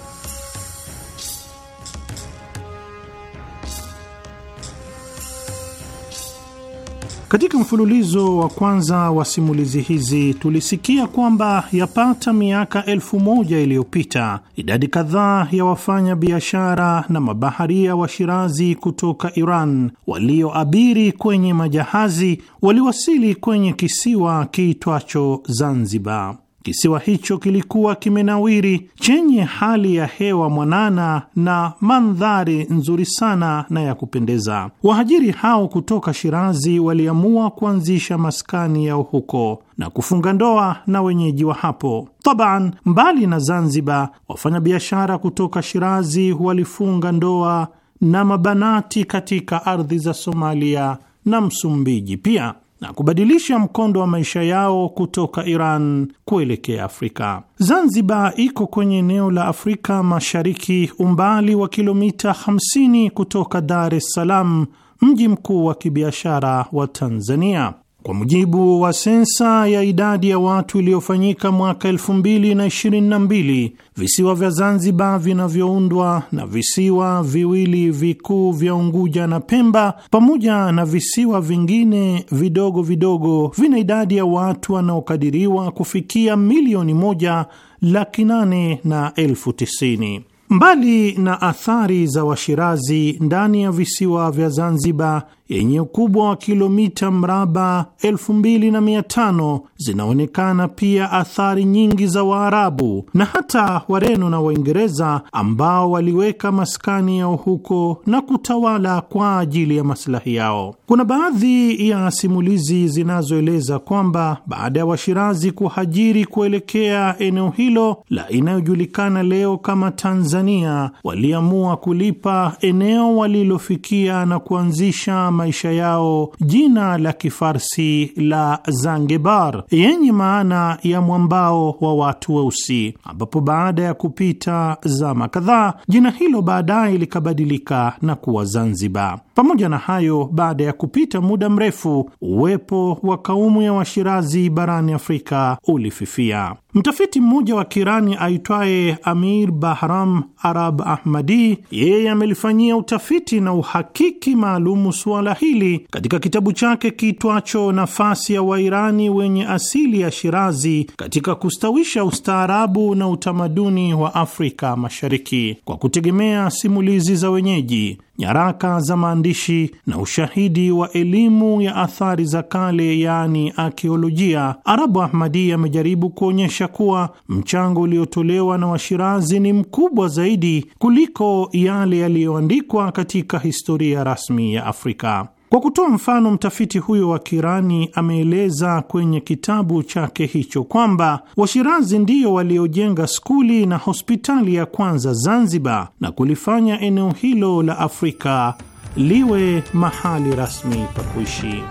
F: Katika mfululizo wa kwanza wa simulizi hizi tulisikia kwamba yapata miaka elfu moja iliyopita idadi kadhaa ya wafanya biashara na mabaharia wa Shirazi kutoka Iran walioabiri kwenye majahazi waliwasili kwenye kisiwa kiitwacho Zanzibar. Kisiwa hicho kilikuwa kimenawiri, chenye hali ya hewa mwanana na mandhari nzuri sana na ya kupendeza. Wahajiri hao kutoka Shirazi waliamua kuanzisha maskani yao huko na kufunga ndoa na wenyeji wa hapo. Taban, mbali na Zanzibar, wafanyabiashara kutoka Shirazi walifunga ndoa na mabanati katika ardhi za Somalia na Msumbiji pia na kubadilisha mkondo wa maisha yao kutoka Iran kuelekea Afrika. Zanzibar iko kwenye eneo la Afrika Mashariki, umbali wa kilomita 50 kutoka Dar es Salaam, mji mkuu wa kibiashara wa Tanzania. Kwa mujibu wa sensa ya idadi ya watu iliyofanyika mwaka 2022, visiwa vya Zanzibar vinavyoundwa na visiwa viwili vikuu vya Unguja na Pemba pamoja na visiwa vingine vidogo vidogo vina idadi ya watu wanaokadiriwa kufikia milioni moja laki nane na elfu tisini. Mbali na athari za Washirazi ndani ya visiwa vya Zanzibar yenye ukubwa wa kilomita mraba 2500 zinaonekana pia athari nyingi za Waarabu na hata Wareno na Waingereza ambao waliweka maskani yao huko na kutawala kwa ajili ya maslahi yao. Kuna baadhi ya simulizi zinazoeleza kwamba baada ya Washirazi kuhajiri kuelekea eneo hilo la inayojulikana leo kama Tanzania, waliamua kulipa eneo walilofikia na kuanzisha maisha yao jina la Kifarsi la Zangebar yenye maana ya mwambao wa watu weusi, ambapo baada ya kupita zama kadhaa jina hilo baadaye likabadilika na kuwa Zanzibar. Pamoja na hayo, baada ya kupita muda mrefu, uwepo wa kaumu ya Washirazi barani Afrika ulififia. Mtafiti mmoja wa Kirani aitwaye Amir Bahram Arab Ahmadi, yeye amelifanyia utafiti na uhakiki maalumu suala hili katika kitabu chake kiitwacho Nafasi ya Wairani wenye asili ya Shirazi katika kustawisha ustaarabu na utamaduni wa Afrika Mashariki, kwa kutegemea simulizi za wenyeji nyaraka za maandishi na ushahidi wa elimu ya athari za kale, yaani akiolojia, Arabu Ahmadi amejaribu kuonyesha kuwa mchango uliotolewa na Washirazi ni mkubwa zaidi kuliko yale yaliyoandikwa katika historia rasmi ya Afrika. Kwa kutoa mfano, mtafiti huyo wa Kirani ameeleza kwenye kitabu chake hicho kwamba Washirazi ndiyo waliojenga skuli na hospitali ya kwanza Zanzibar na kulifanya eneo hilo la Afrika liwe mahali rasmi pa kuishi.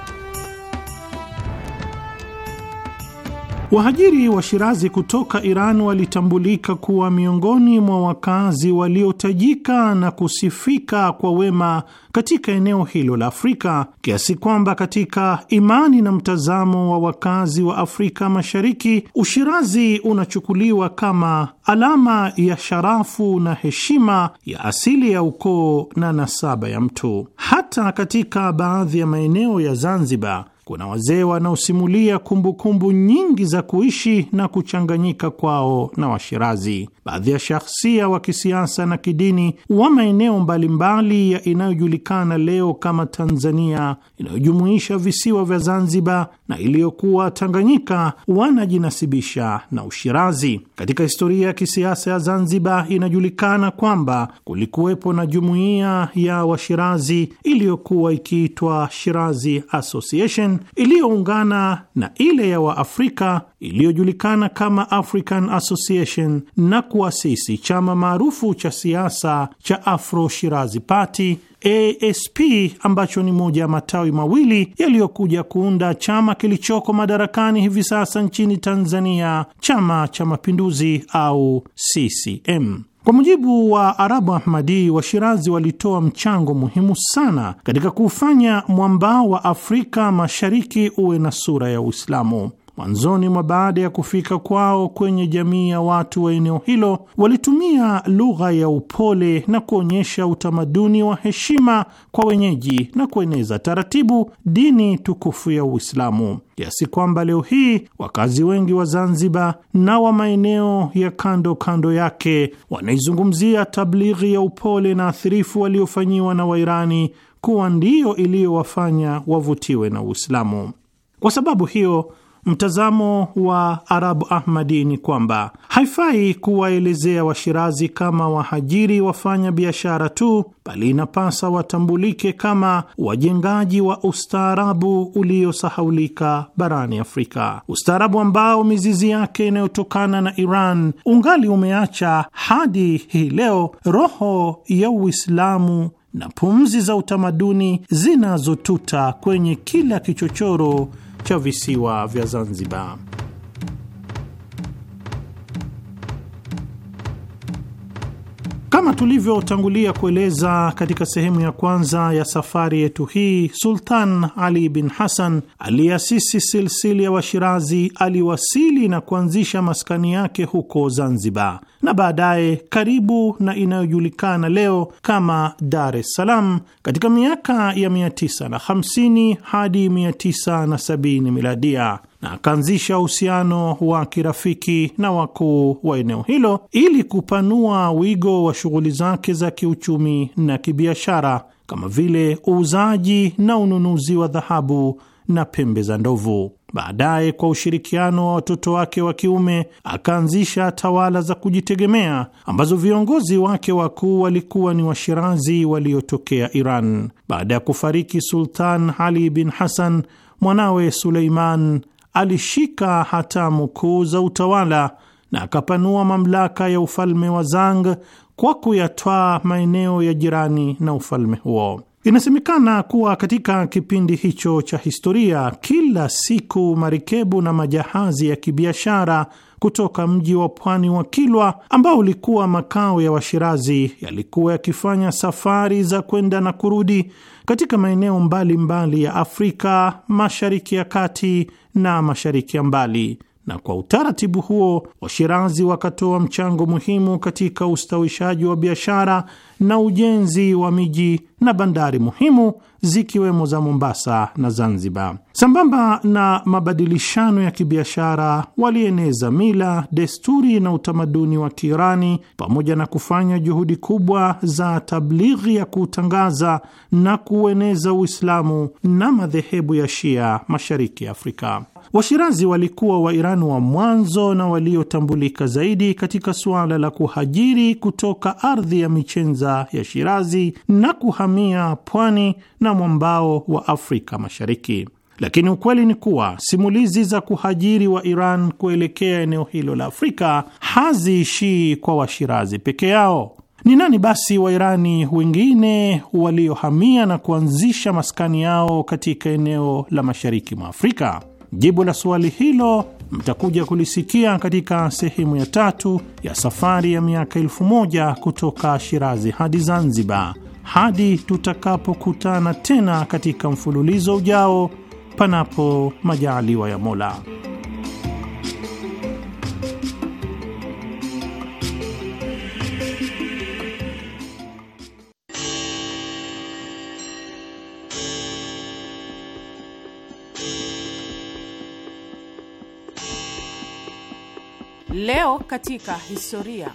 F: Wahajiri wa Shirazi kutoka Iran walitambulika kuwa miongoni mwa wakazi waliotajika na kusifika kwa wema katika eneo hilo la Afrika, kiasi kwamba katika imani na mtazamo wa wakazi wa Afrika Mashariki, Ushirazi unachukuliwa kama alama ya sharafu na heshima ya asili ya ukoo na nasaba ya mtu. Hata katika baadhi ya maeneo ya Zanzibar kuna wazee wanaosimulia kumbukumbu nyingi za kuishi na kuchanganyika kwao na Washirazi. Baadhi ya shahsia wa kisiasa na kidini wa maeneo mbalimbali ya inayojulikana leo kama Tanzania, inayojumuisha visiwa vya Zanzibar na iliyokuwa Tanganyika, wanajinasibisha na Ushirazi. Katika historia ya kisiasa ya Zanzibar, inajulikana kwamba kulikuwepo na jumuiya ya Washirazi iliyokuwa ikiitwa Shirazi Association iliyoungana na ile ya Waafrika iliyojulikana kama African Association na kuasisi chama maarufu cha siasa cha Afro Shirazi Party ASP ambacho ni moja ya matawi mawili yaliyokuja kuunda chama kilichoko madarakani hivi sasa nchini Tanzania, Chama cha Mapinduzi au CCM. Kwa mujibu wa Arabu Ahmadi, Washirazi walitoa mchango muhimu sana katika kuufanya mwambao wa Afrika Mashariki uwe na sura ya Uislamu. Mwanzoni mwa baada ya kufika kwao kwenye jamii ya watu wa eneo hilo, walitumia lugha ya upole na kuonyesha utamaduni wa heshima kwa wenyeji na kueneza taratibu dini tukufu ya Uislamu, kiasi kwamba leo hii wakazi wengi wa Zanzibar na wa maeneo ya kando kando yake wanaizungumzia tablighi ya upole na athirifu waliofanyiwa na Wairani kuwa ndiyo iliyowafanya wavutiwe na Uislamu. Kwa sababu hiyo Mtazamo wa Arabu Ahmadi ni kwamba haifai kuwaelezea Washirazi kama wahajiri wafanya biashara tu, bali inapasa watambulike kama wajengaji wa ustaarabu uliosahaulika barani Afrika, ustaarabu ambao mizizi yake inayotokana na Iran ungali umeacha hadi hii leo roho ya Uislamu na pumzi za utamaduni zinazotuta kwenye kila kichochoro cha visiwa vya Zanzibar. Kama tulivyotangulia kueleza katika sehemu ya kwanza ya safari yetu hii, Sultan Ali bin hasan aliyeasisi silsili ya Washirazi aliwasili na kuanzisha maskani yake huko Zanzibar na baadaye karibu na inayojulikana leo kama Dar es Salaam katika miaka ya 950 hadi 970 miladia na akaanzisha uhusiano wa kirafiki na wakuu wa eneo hilo ili kupanua wigo wa shughuli zake za kiuchumi na kibiashara kama vile uuzaji na ununuzi wa dhahabu na pembe za ndovu. Baadaye, kwa ushirikiano wa watoto wake wa kiume, akaanzisha tawala za kujitegemea ambazo viongozi wake wakuu walikuwa ni Washirazi waliotokea Iran. Baada ya kufariki Sultan Ali bin Hassan, mwanawe Suleiman alishika hatamu kuu za utawala na akapanua mamlaka ya ufalme wa Zang kwa kuyatwaa maeneo ya jirani na ufalme huo. Inasemekana kuwa katika kipindi hicho cha historia, kila siku marikebu na majahazi ya kibiashara kutoka mji wa pwani wa Kilwa ambao ulikuwa makao ya Washirazi yalikuwa yakifanya safari za kwenda na kurudi katika maeneo mbalimbali mbali ya Afrika Mashariki ya Kati na Mashariki ya Mbali na kwa utaratibu huo Washirazi wakatoa mchango muhimu katika ustawishaji wa biashara na ujenzi wa miji na bandari muhimu zikiwemo za Mombasa na Zanzibar. Sambamba na mabadilishano ya kibiashara, walieneza mila, desturi na utamaduni wa Kiirani pamoja na kufanya juhudi kubwa za tablighi ya kuutangaza na kuueneza Uislamu na madhehebu ya Shia mashariki Afrika. Washirazi walikuwa Wairani wa mwanzo na waliotambulika zaidi katika suala la kuhajiri kutoka ardhi ya michenza ya Shirazi na kuhamia pwani na mwambao wa Afrika Mashariki. Lakini ukweli ni kuwa simulizi za kuhajiri wa Iran kuelekea eneo hilo la Afrika haziishii kwa Washirazi peke yao. Ni nani basi Wairani wengine waliohamia na kuanzisha maskani yao katika eneo la mashariki mwa Afrika? Jibu la suali hilo mtakuja kulisikia katika sehemu ya tatu ya safari ya miaka elfu moja kutoka Shirazi hadi Zanzibar, hadi tutakapokutana tena katika mfululizo ujao, panapo majaaliwa ya Mola.
D: Leo katika historia.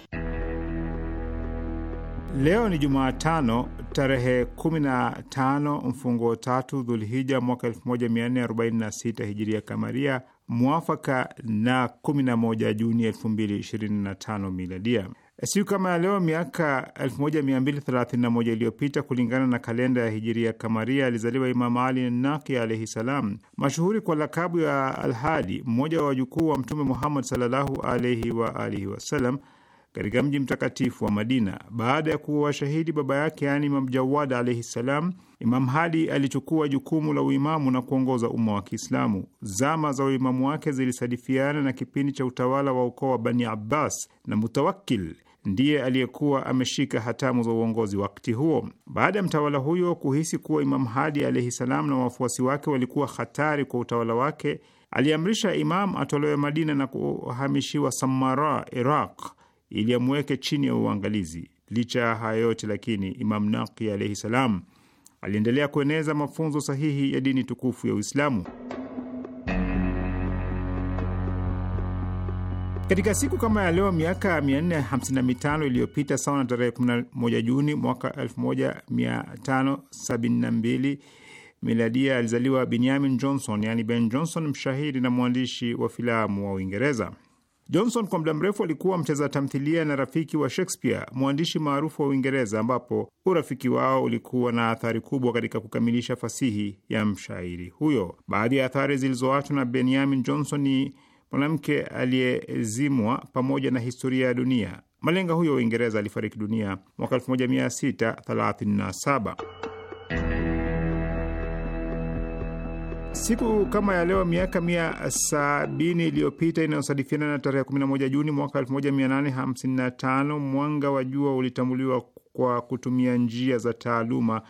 E: Leo ni Jumatano tarehe 15 mfungo tatu Dhulhija mwaka 1446 hijiria kamaria, mwafaka na 11 Juni 2025 miladia. Siku kama ya leo miaka 1231 iliyopita kulingana na kalenda ya hijiria kamaria, alizaliwa Imam Ali Naki alaihi salam, mashuhuri kwa lakabu ya Alhadi, mmoja wa wajukuu wa Mtume Muhammad sallallahu alaihi wa alihi wasalam, katika mji mtakatifu wa Madina. Baada ya kuwa washahidi baba yake, yaani Imam Jawad alaihi salam, Imam Hadi alichukua jukumu la uimamu na kuongoza umma wa Kiislamu. Zama za uimamu wake zilisadifiana na kipindi cha utawala wa ukoo wa Bani Abbas na mutawakil ndiye aliyekuwa ameshika hatamu za uongozi wakati huo. Baada ya mtawala huyo kuhisi kuwa Imam Hadi alaihi salam na wafuasi wake walikuwa hatari kwa utawala wake, aliamrisha Imam atolewe Madina na kuhamishiwa Samara, Iraq, ili amuweke chini ya uangalizi. Licha ya haya yote lakini, Imam Naqi alaihi salam aliendelea kueneza mafunzo sahihi ya dini tukufu ya Uislamu. Katika siku kama ya leo miaka 455 iliyopita sawa na tarehe 11 Juni mwaka 1572 miladia, alizaliwa Benyamin Johnson yani Ben Johnson, mshahiri na mwandishi wa filamu wa Uingereza. Johnson kwa muda mrefu alikuwa mcheza tamthilia na rafiki wa Shakespeare, mwandishi maarufu wa Uingereza, ambapo urafiki wao ulikuwa na athari kubwa katika kukamilisha fasihi ya mshairi huyo. Baadhi ya athari zilizoachwa na Benyamin Johnson ni mwanamke aliyezimwa pamoja na historia ya dunia. Malenga huyo wa Uingereza alifariki dunia mwaka 1637. Siku kama ya leo miaka mia sabini iliyopita inayosadifiana na tarehe 11 Juni mwaka 1855, mwanga wa jua ulitambuliwa kwa kutumia njia za taaluma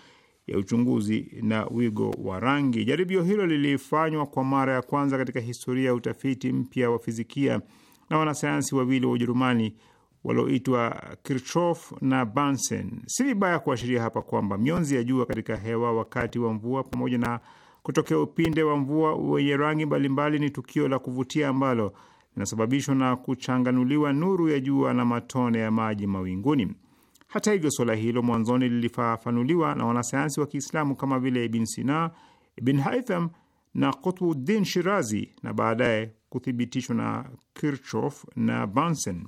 E: ya uchunguzi na wigo wa rangi. Jaribio hilo lilifanywa kwa mara ya kwanza katika historia ya utafiti mpya wa fizikia na wanasayansi wawili wa Ujerumani walioitwa Kirchhoff na Bunsen. Si vibaya kuashiria hapa kwamba mionzi ya jua katika hewa wakati wa mvua pamoja na kutokea upinde wa mvua wenye rangi mbalimbali ni tukio la kuvutia ambalo linasababishwa na kuchanganuliwa nuru ya jua na matone ya maji mawinguni. Hata hivyo, suala hilo mwanzoni lilifafanuliwa na wanasayansi wa Kiislamu kama vile Ibn Sina, Ibn Haytham na Qutbuddin Shirazi na baadaye kuthibitishwa na Kirchhoff na Bunsen.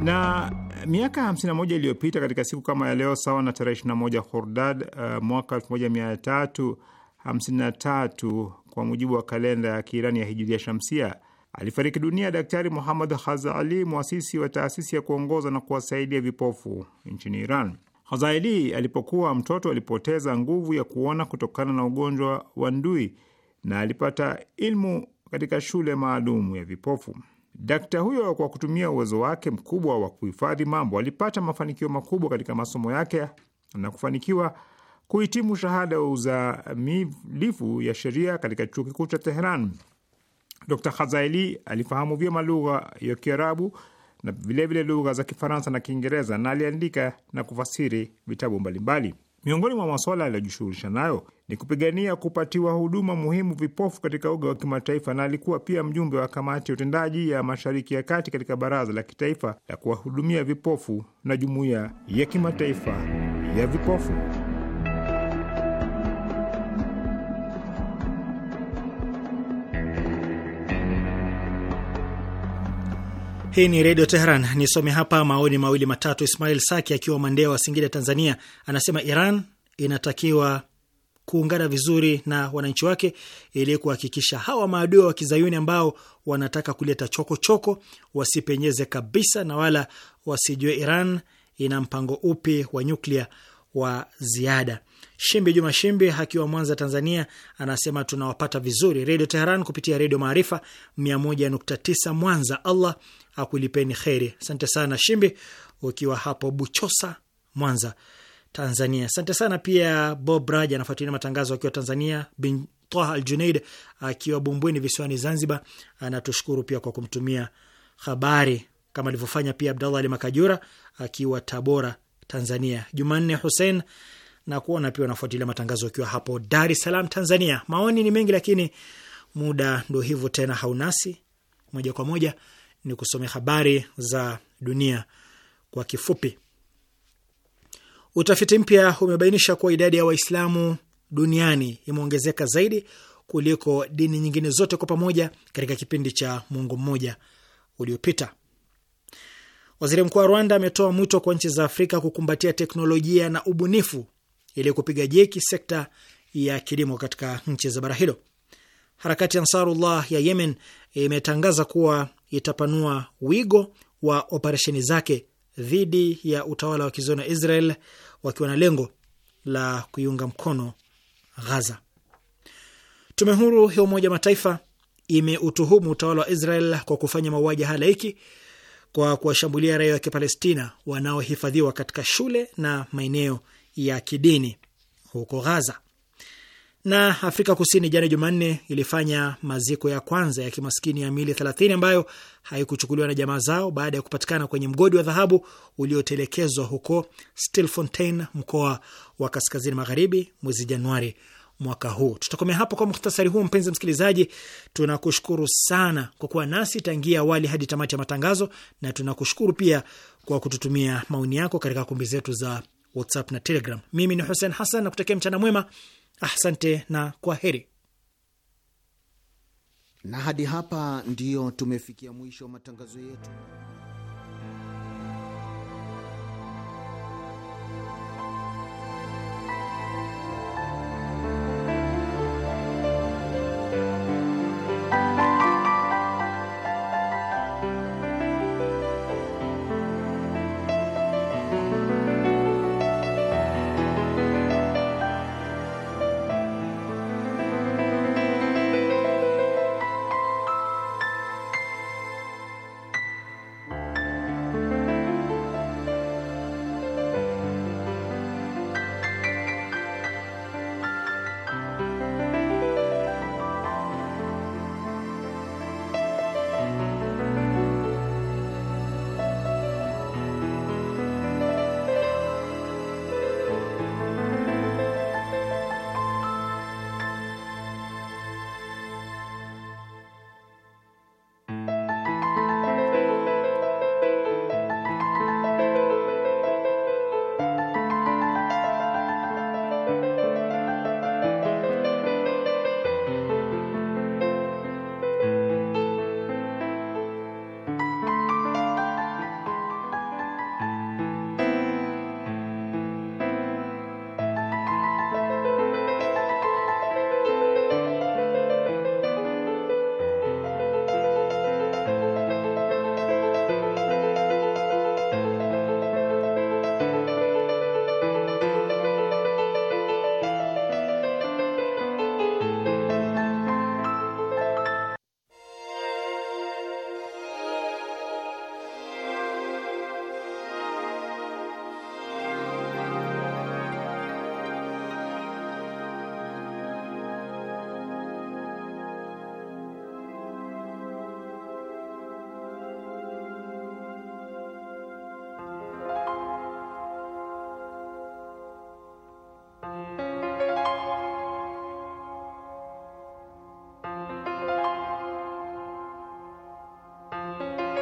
E: Na miaka 51 iliyopita katika siku kama ya leo, sawa na tarehe 21 Khordad uh, mwaka 1353 kwa mujibu wa kalenda ya Kiirani ya Hijiria Shamsia, alifariki dunia Daktari Muhammad Khazaali, mwasisi wa taasisi ya kuongoza na kuwasaidia vipofu nchini Iran. Khazaali alipokuwa mtoto alipoteza nguvu ya kuona kutokana na ugonjwa wa ndui na alipata ilmu katika shule maalum ya vipofu. Dakta huyo kwa kutumia uwezo wake mkubwa wa kuhifadhi mambo alipata mafanikio makubwa katika masomo yake na kufanikiwa kuhitimu shahada ya uzamilifu ya sheria katika chuo kikuu cha Teheran. Dr Khazaeli alifahamu vyema lugha ya Kiarabu na vilevile lugha za Kifaransa na Kiingereza na aliandika na kufasiri vitabu mbalimbali. Miongoni mwa masuala aliyojishughulisha nayo ni kupigania kupatiwa huduma muhimu vipofu katika uga wa kimataifa, na alikuwa pia mjumbe wa kamati ya utendaji ya Mashariki ya Kati katika Baraza la Kitaifa la kuwahudumia vipofu na Jumuiya ya Kimataifa ya Vipofu.
C: Hii ni Redio Teheran. Nisome hapa maoni mawili matatu. Ismail Saki akiwa Mandea wa Singida, Tanzania, anasema Iran inatakiwa kuungana vizuri na wananchi wake ili kuhakikisha hawa maadui wa kizayuni ambao wanataka kuleta chokochoko choko, wasipenyeze kabisa na wala wasijue Iran ina mpango upi wa nyuklia wa ziada. Shimbi Juma Shimbi akiwa Mwanza, Tanzania, anasema tunawapata vizuri Redio Teheran kupitia Redio Maarifa 101.9 Mwanza. Allah akulipeni kheri. Asante sana Shimbi ukiwa hapo Buchosa, Mwanza, Tanzania. Asante sana pia Bob Raja anafuatilia matangazo akiwa Tanzania. Bin Toha Al Junaid akiwa Bumbwini visiwani Zanzibar anatushukuru pia kwa kumtumia habari kama alivyofanya pia Abdallah Ali Makajura akiwa Tabora, Tanzania. Jumanne Hussein na kuona pia wanafuatilia matangazo akiwa hapo Dar es Salaam, Tanzania. Maoni ni mengi, lakini muda ndo hivyo tena, haunasi moja kwa moja ni kusomea habari za dunia kwa kifupi. Utafiti mpya umebainisha kuwa idadi ya Waislamu duniani imeongezeka zaidi kuliko dini nyingine zote kwa pamoja katika kipindi cha muongo mmoja uliopita. Waziri mkuu wa Rwanda ametoa mwito kwa nchi za Afrika kukumbatia teknolojia na ubunifu ili kupiga jeki sekta ya kilimo katika nchi za bara hilo. Harakati ya Ansarullah ya Yemen imetangaza kuwa itapanua wigo wa operesheni zake dhidi ya utawala wa wa Israel wakiwa na lengo la kuiunga mkono Ghaza. Tume huru ya Umoja Mataifa imeutuhumu utawala wa Israel kwa kufanya mauaji halaiki kwa kuwashambulia raia wa Kipalestina wanaohifadhiwa katika shule na maeneo ya kidini huko Ghaza. Na Afrika Kusini jana Jumanne ilifanya maziko ya kwanza ya kimaskini ya mili 30 ambayo haikuchukuliwa na jamaa zao baada ya kupatikana kwenye mgodi wa dhahabu uliotelekezwa huko Stilfontein, mkoa wa kaskazini magharibi mwezi Januari mwaka huu. Tutakomea hapo kwa muhtasari huu. Mpenzi msikilizaji, tunakushukuru sana kwa kuwa nasi tangia awali hadi tamati ya matangazo, na tunakushukuru pia kwa kututumia maoni yako katika kumbi zetu za WhatsApp na Telegram. Mimi ni Hussein Hassan na kutakia mchana mwema Asante na kwa heri. Na hadi hapa ndiyo tumefikia mwisho wa matangazo yetu.